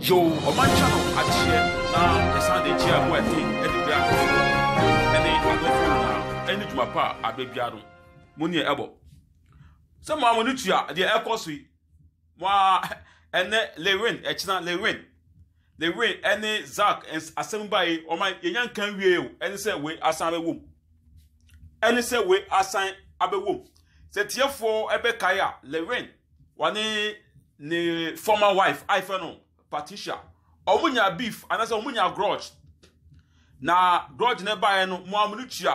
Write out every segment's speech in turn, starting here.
yo ɔman kyɛ no akyeɛ na yɛsan de kyia mo ɛte ɛde bia akɔfo ɛne adɔfo nyinaa ɛne dwuma pa a abɛbia no mo neɛ ɛbɔ sɛ mo a mo no tua deɛ ɛkɔ so yi mo a ɛnɛ lewin ɛkyena lewin lewin ɛne zak asɛm ba yi ɔman yɛnya nkan wie o ɛne sɛ wei asan bɛwom ɛne sɛ wei asan abɛwom sɛ tiefoɔ ɛbɛkae a lewin wɔne ne former wife aifɛ no patricia ọmụnya nya beef anaasɛ ɔmo nya grudge na grudge n'ebe anyị no mo amono kyia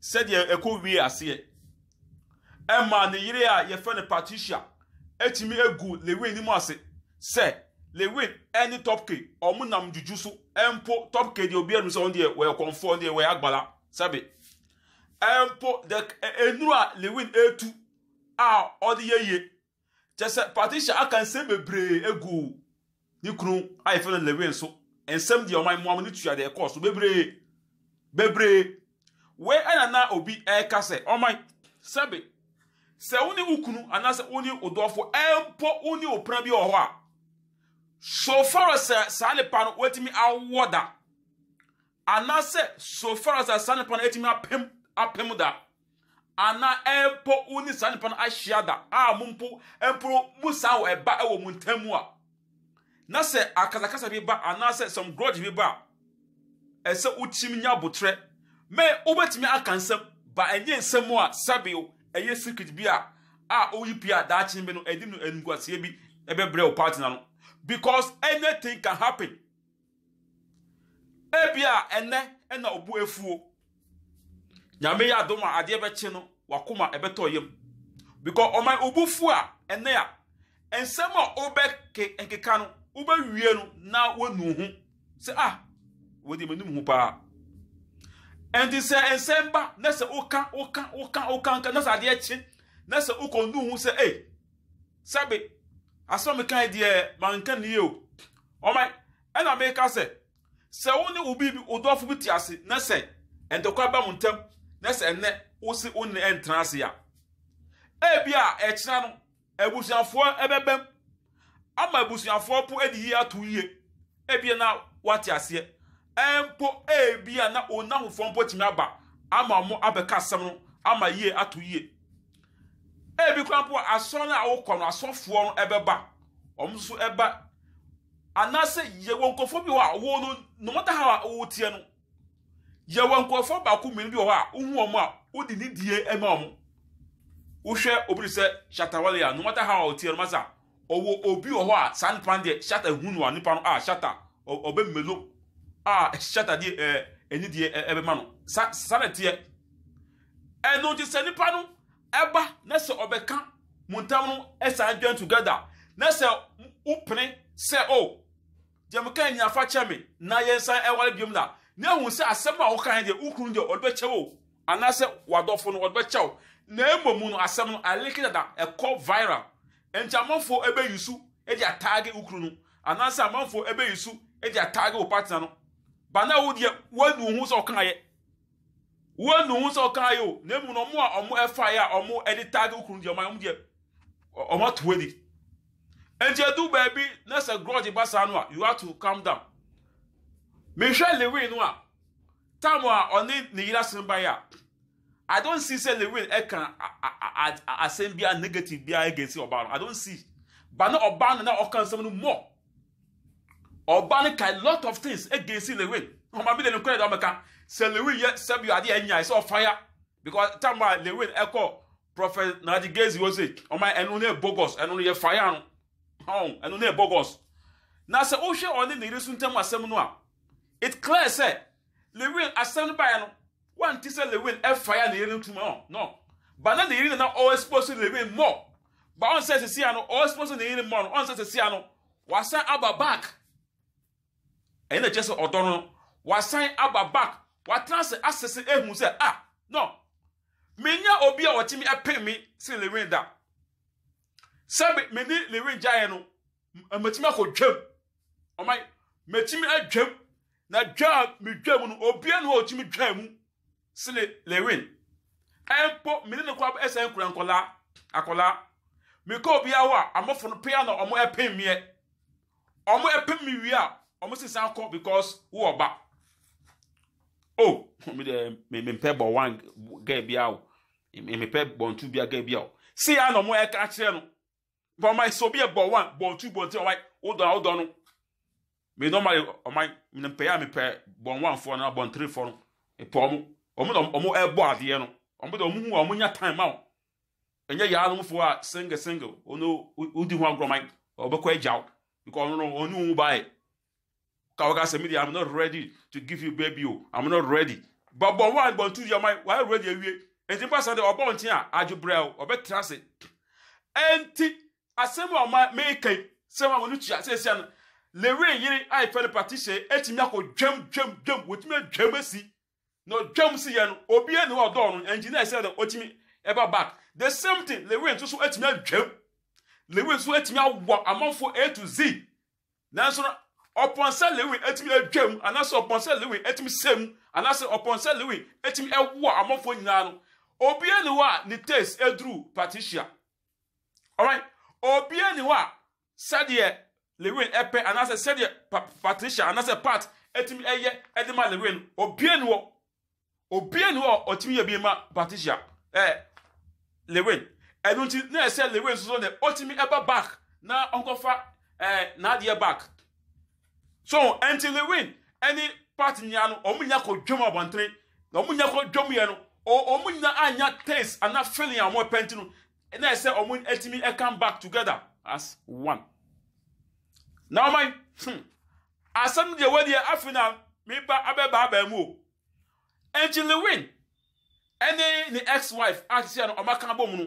sɛdeɛ ɛkɔ wie aseɛ ɛma e ne yere a yɛfrɛ no patricia etumi egu lewin nim ase sɛ lewin ɛne topke ɔmo nam juju so ɛmpo topke deɛ obiara nim sɛ ɔno deɛ wɔyɛ kɔnfoɔ deɛ wɔyɛ agbala sɛbe ɛmpo de e, enuru a lewin etu a ɔde yɛ yie kyɛ sɛ patricia aka nsɛm bebree egwu. ne kunu a yɛfɛ no lewi nso nsɛm deɛ ɔman mmoa no tua deɛ ɛkɔɔ so bebree bebree wei ɛna na obi ɛreka sɛ ɔman sɛbe sɛ wo ne wo kunu anaasɛ wo ne wo dɔfo ɛmpo wo ne wo bi wɔ hɔ a sofaro sɛ saa nipa no watumi awɔ da anaasɛ sofaro sɛ saa nipa no atumi apem apem da ana ɛmpo wo ne saa nipa no ahyia da a mo mpo musa mu saa wɔ ɛba ɛwɔ mo a na sɛ akasakasa bi ba anaasɛ some grudge bi ba a ɛsɛ wotim nya abotrɛ mɛ wobɛtumi aka nsɛm ba ɛnyɛ nsɛm a sabio ɛyɛ secret bi a a oyi pia daakye bi no ɛdi no animguaseɛ bi ɛbɛbrɛ wo partner no because anything can happen ebi a ɛnɛ ɛna ɔbu efuo nyame yɛ adom a adeɛ bɛkye no wakoma ɛbɛtɔ yam because ɔman obufu a ɛnɛ a nsɛm a ɔbɛke nkeka no wobɛwie no na woanu ho sɛ ah wɔde m'anim ho paa ɛnti sɛ nsɛm ba na sɛ woka woka woka woka nka na sɛ adeɛ kye na sɛ wokɔnu ho sɛ ei sɛbe asɛm mekae deɛ manka ne yie o ɔma ɛna meka sɛ sɛ wo ne wo bi wo dɔfo bi te ase na sɛ ɛntɛkwa ba mo ntam na sɛ ɛnɛ wosi wo ne ɛntena ase a ebi a ɛkyena no abusuafoɔ ɛbɛbɛm ama abusuafoɔ po adi yie ato yie ebia na wate aseɛ ɛmpo ebia na onahofoɔ mpo tumi aba ama ɔmo abɛka asɛm no ama yie ato yie ebi kora mpo asɔre no a wokɔ no asɔfoɔ no ɛbɛba ɔmo nso ɛba anaasɛ yɛwɔ nkurɔfoɔ bi wɔ a wɔn no no mɔta ha a wɔretie no yɛwɔ nkurɔfoɔ baako mmienu bi wɔ hɔ a wohu wɔn a wodi ne die ɛma wɔn wohwɛ obiri sɛ shatawale a no ha a wɔretie no masa ɔwɔ obi wọ hɔ a saa nipa deɛ shata ehunu wa nipa no a shata ɔbɛ mmelo a shata deɛ ɛɛ ɛni deɛ ɛbɛ ma no sa saa na teɛ ti sɛ nipa no ɛba na sɛ ɔbɛka mu ntam no ɛsan join together na sɛ wopene sɛ o gyɛm kan nyafa kyɛ me na yɛn nsa ɛwale biom na ne ehu sɛ asɛm a wɔkan deɛ ukuru deɛ ɔde bɛkyɛ o anaasɛ wadɔfo no ɔde bɛkyɛ o na emom no asɛm no aleke dada ɛkɔ viral. nti amanfoɔ ɛbɛyi so ɛde ataage okuru no anaasɛ amanfoɔ ɛbɛyi so ɛde ataage wɔ partner no bana wo deɛ wɔanu ho sɛ ɔkaayɛ wɔanu ho sɛ ɔkaayɛ o na emu na ɔmo a ɔmo ɛfaeɛ a ɔmo ɛde taage okuru deɛ ɔmo deɛ ɔmo ato ani nti edu baabi na sɛ grudge ba saa no a you have to calm down mehwɛ lewin no a tam a ɔne ne yira sen yɛ a. I don't see say Lewin ɛka asɛm bi a negative bi a against ɔbaa no I don't see ba na ɔbaa no na ɔka nsɛm no more ɔbaa no ka lot of things against Lewin ɔmaa mi de ne kura ɛdɔm ka sɛ Lewin yɛ sɛbi adi ɛnya sɛ fire because time a Lewin ɛkɔ Prophet Nadi Gezi wɔ se ɔmaa ɛnu ne bogus ɛnu ne yɛ faya no ɔn ɛnu ne bogus na sɛ ɔhwɛ ɔne ne yere so ntɛm asɛm no a it clear sɛ Lewin asɛm no baayɛ no wanti sɛ lewin ɛfaya ne yere ntoma ɔ no ba na ne yere nana ɔɛsipɔsi lewin mɔ ba ɔn sɛ sisi ano ɔɛsipɔsi ne yere mɔ no ɔn sɛ sisi ano wasan aba back ɛyɛ na kyerɛ sɛ ɔdɔ no wasan aba back watena sɛ asese ehu sɛ a no menya obi a wɔtumi ɛpe mi si lewin da sɛbi me ne lewin gyaeɛ no mɛtumi akɔ dwam ɔman mɛtumi adwam na dwa a medwa mu no obiara na ɔtumi dwa mu sile lewin ɛmpo mene ne kora ɛsɛ nkura nkɔla akɔla meka obiara hɔ a amɔfo no pea na ɔmo ɛpem meɛ ɔmo ɛpem me wie a ɔmo sisan kɔ because wowɔ ba o mi deɛ mempɛ bɔ wan gɛɛ bia o mempɛ bɔntu bia gɛɛ bia o si ya na ɔmo ɛka e kyerɛ no bɔnma sɛ obi yɛ bɔ wan bɔntu bɔntu ɔwan wodɔn wodɔn no mi normally ɔman mempɛ ya mepɛ bɔn wan fɔ na bɔn tiri fɔ no mepɛ ɔmo ɔmo na ɔmo ɛbɔ adeɛ no ɔmo de ɔmo hu ɔmo nya time a ɛnyɛ yaanomfoɔ a single single ɔno odi ho agorɔman ɔbɛkɔ agya wo because ɔno no ɔne wo baayɛ kawo ka sɛ media i'm not ready to give you baby o oh. i'm not ready bɔbɔ wɔn a bɔntu yɛ ɔman wɔayɛ ready awie nti mpa sɛ de ɔbɔ nkyɛn a adwobrɛ o ɔbɛtena se ɛnti asɛm a ɔma meekan sɛm a wɔn tua sɛsia no lewe yere a yɛfɛ no patricia etimi akɔ dwam dwam dwam wotumi adwam esi na odwam si yɛ no obi ani wɔ dɔɔ no engineer sɛ dɛ otimi ɛba back the same thing lewin nso so atumi adwam lewin nso atumi awɔ amanfo a to z nanso no ɔpɔnsɛ lewin atumi adwam anaasɛ ɔpɔnsɛ lewin atumi sɛm anaasɛ ɔpɔnsɛ lewin atumi ɛwɔ amanfo nyinaa no obi ani hɔ a ne taste aduru patricia alright obi ani hɔ a sɛdeɛ lewin ɛpɛ anaasɛ sɛdeɛ patricia anaasɛ pat atumi ɛyɛ ɛde ma lewin obi ani hɔ obia ni hɔ ɔtumi yɛ bi ma patricia ɛɛ eh, lewin ɛnu nti na ɛsɛ lewin soso na ɔtumi ɛba back na ɔnkɔfa ɛɛ eh, n'adeɛ back so ɛnti lewin ɛne part nyinaa no wɔn nyinaa kɔ dwom abɔntene na wɔn nyinaa kɔ dwom yɛ no wɔn nyinaa anya taste ana feeling a wɔn pɛnti no na ɛsɛ wɔn ɛtumi come back together as one na wɔn hmm asɛm deɛ wɔdeɛ afei na meba abɛba abɛɛ mu o. eji lewin ɛne ne ex wife a sisi ano ɔmo aka abom no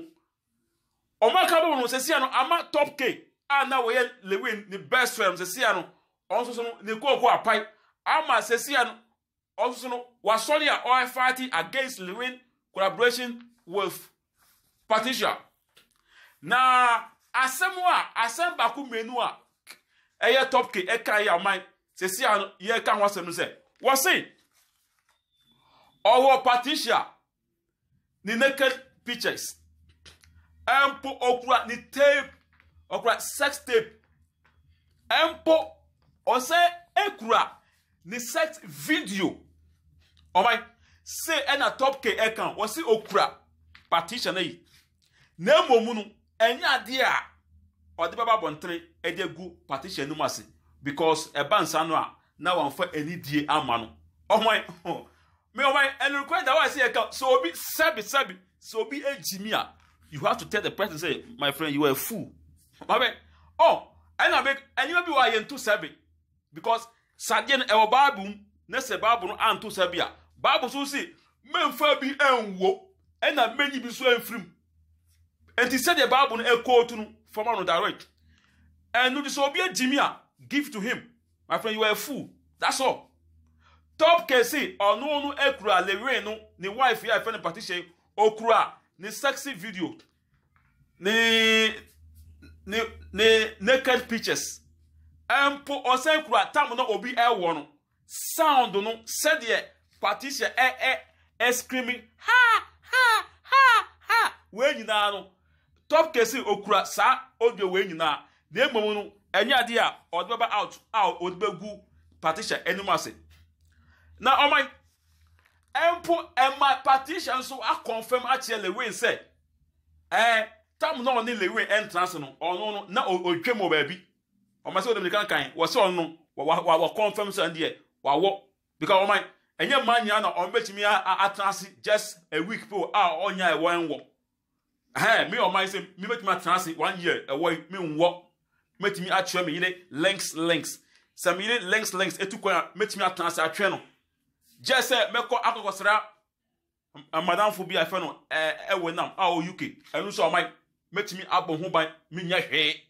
ɔmo aka abom no sisi ano ama top k a na wɔyɛ lewin ne best friend sisi ano ɔno soso so no ne kooko apae ama sisi ano ɔno soso so no wasɔre a ɔyɛ fighting against lewin collaboration with patricia na asɛm a asɛm baako mmienu a ɛyɛ top k ɛka yɛ aman sisi ano yɛ ka ho asɛm no sɛ wɔsi. ọwọ́ Patricia ni naked pictures mpo okura ni tape okura sex tape mpo ɔsɛ ekura ni sex video ɔman se ɛna top k ɛkan wɔsi okura Patricia na yi na emomu no ɛnyɛ adeɛ a ɔde bɛba abɔntene ɛde agu Patricia numasi because ɛba nsa no a na wɔn fa die ama no ɔman mewae ɛnurukura da waa sɛ yɛ ka so obi sɛbi sɛbi so obi egyi mi a you have to tell the person say my friend you are a fool maame ɔ ɛna mi ɛnyɛma bi wɔ a yɛn tu sɛbi because sadeɛ no ɛwɔ baabu mu ne sɛ baabu no anto sɛbi a baabu so si mmɛnfa bi ɛnwo ɛna mmɛnyi bi so ɛnfirim nti sɛdeɛ baabu no ɛkootu no fɔm ano direct ɛnu de so obi egyi mi a give to him my friend you are a fool that's all top kesi ɔno no ekura lewe no ni wife yi a yɛfrɛ no patricia okura ne sexy video ni ni ni naked pictures mpo ɔsan kura tam na obi ɛwɔ no sound no sɛdeɛ patricia e e screaming ha ha ha ha wei nyinaa no top kesi okura saa audio wei nyinaa na emom no ɛnyɛ adeɛ a ɔde bɛba out a ɔde bɛgu patricia anim na ɔman mpo ɛma patricia nso akɔnfɛm akyerɛ lewin sɛ ɛɛ tam na ɔne lewin ɛntena se no ɔno no na ɔtwa mu baabi ɔman sɛ ɔdɛm nìkan kan wɔsɛ ɔno wɔ wɔ kɔnfɛm sɛ ɛdeɛ wɔawɔ because ɔman ɛnyɛ mmaa nyinaa na ɔmbɛtumi atena ase just a week po a ɔnya ɛwɔ ɛnwɔ ɛhɛn mi ɔman sɛ mi bɛtumi atena ase one year ɛwɔ yi mi nwɔ mɛtumi atwerɛ mi yire links links sɛ mi yire links links etu kwan a mɛtumi atena ase atwerɛ no gye sɛ mɛkɔ akɔkɔsra madamfo bi a ɛfɛ no ɛɛ ɛwɔ nam a ɔwɔ uk ɛno nso ɔman mɛtumi abɔ ho ban menya hwee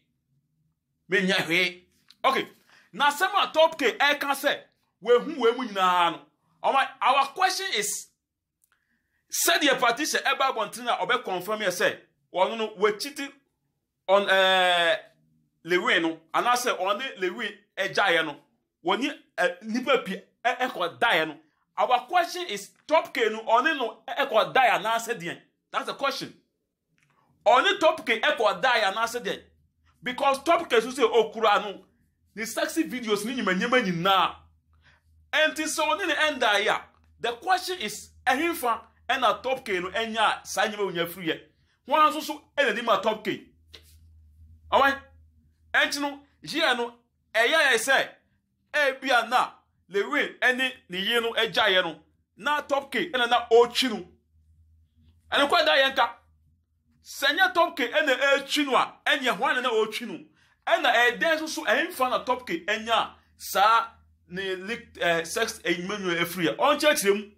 menya hwee ok na asɛm a top k ɛka sɛ wehu wemu nyinaa no ɔman our question is sɛdeɛ patricia ɛba abɔnten a ɔbɛ confirm yɛ sɛ wɔn no wɔakyi ti on ɛɛ lewin no anaasɛ ɔne lewin ɛgyaeɛ no wɔne ɛ nipa pii ɛkɔ daeɛ no our question is topic no ɔne no ɛkɔ die anaasɛ deɛn that's the question ɔne topic ɛkɔ die anaasɛ deɛn because topic nso sɛ okura no ne sexy videos ni nyima nyima nyinaa ɛnti sɛ ɔne ne ɛnda yi the question is ɛhemfa ɛna topic no ɛnya a saa nyima onya firi yɛ wɔn nso so ɛna anim a topic ɔwɛn ɛnkyi no yia no ɛyɛ yɛ sɛ ebia na lewin ɛne ne yie no agyaeɛ no na topke ɛna na ɔrekyi no ɛne kɔ da yɛn ka sɛ nyɛ topke ɛna ɛretwi no a ɛnyɛ hwan na na ɔretwi no ɛna ɛdɛn nso so ɛnfa na topke ɛnya saa ne lik ɛɛ sex enyima nyina efiri a ɔnkyerɛkyerɛ mu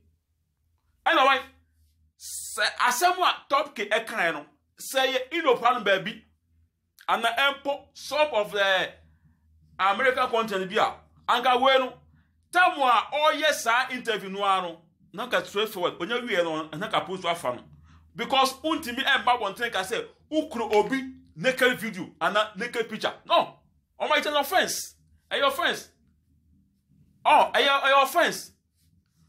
ɛna wɔn sɛ asɛm a topke ɛkaeɛ no sɛ yɛ inopa no baabi ana ɛmpo sort of ɛɛ american continent bi a anka wei tamu a ɔyɛ saa interview no ara no na ka straight forward onye wie no na ka post afa no because ntumi ɛmba eh, wɔntene ka sɛ ukuru obi naked video ana naked picture no ɔmo oh, ayɛ kyɛn offence ɛyɛ offence ɔ oh, ɛyɛ ɛyɛ offence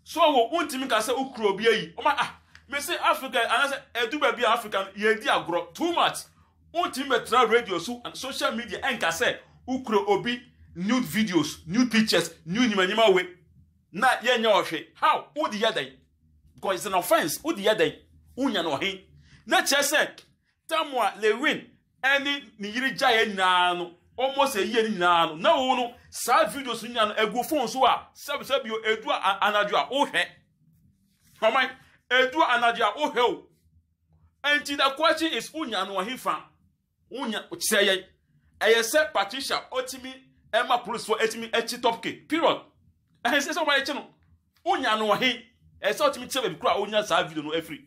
so wɔ ntumi ka sɛ ukuru obi ayi eh, ɔmo oh, ah mesi africa anasɛ ɛdu eh, baabi a africa yɛn di agorɔ too much ntumi bɛ tena radio so and social media ɛnka sɛ ukuru obi nude videos nude pictures nude nyimanyima we na yɛnyɛ ɔhwe how wodi yɛ dɛn because it's an offence wodi yɛ dɛn wonya no ɔhe na kyerɛ sɛ tam lewin ɛne ne yere gyaeɛ nyinaa no almost a year nyinaa no na wo no saa videos nyinaa no egu phone so a sɛbisɛ bio edu anadwo a wohwɛ ɔman edu anadwo a wohwɛ o nti the question is wonya no ɔhe fa wonya kyerɛ yɛn ɛyɛ sɛ patricia ɔtumi ɛma polisifoɔ ɛtumi ɛkyi tɔpke period ɛhɛn sɛ sɛ ɔmo ɛkyi no wonya no ɔhe ɛsɛ ɔtumi kyerɛ baabi kora wonya saa video no afiri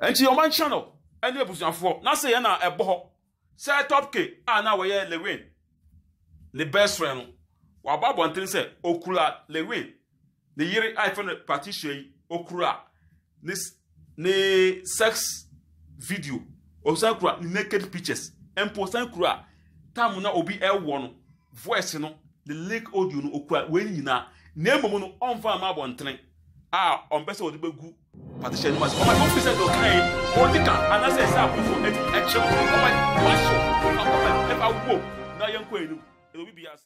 ɛnti ɔmo ankyerɛ no ɛne abusuafoɔ na sɛ yɛn na ɛbɔ hɔ sɛ tɔpke a na wɔyɛ lewin ne best friend no waba abɔnten sɛ okura lewin ne yiri a yɛfɛ no patricia yi okura ne ne sex video osan kura ne naked pictures mpo osan kura taamu na obi ɛwɔ no voice no the lake audio no okura wei nyinaa na emom no ɔnfa ama abɔntene a ɔmpɛ sɛ ɔde bɛgu partition no ma sɛ ɔma ɛfɔ fi sɛ deɛ ɔka yi ɔde ka ɛsɛ akorofo ɛti ɛkyɛw ɔma ɛfɔ ahyew ɔma ɛfɔ awo na yɛn kɔ anim ɛdɛ bi ase.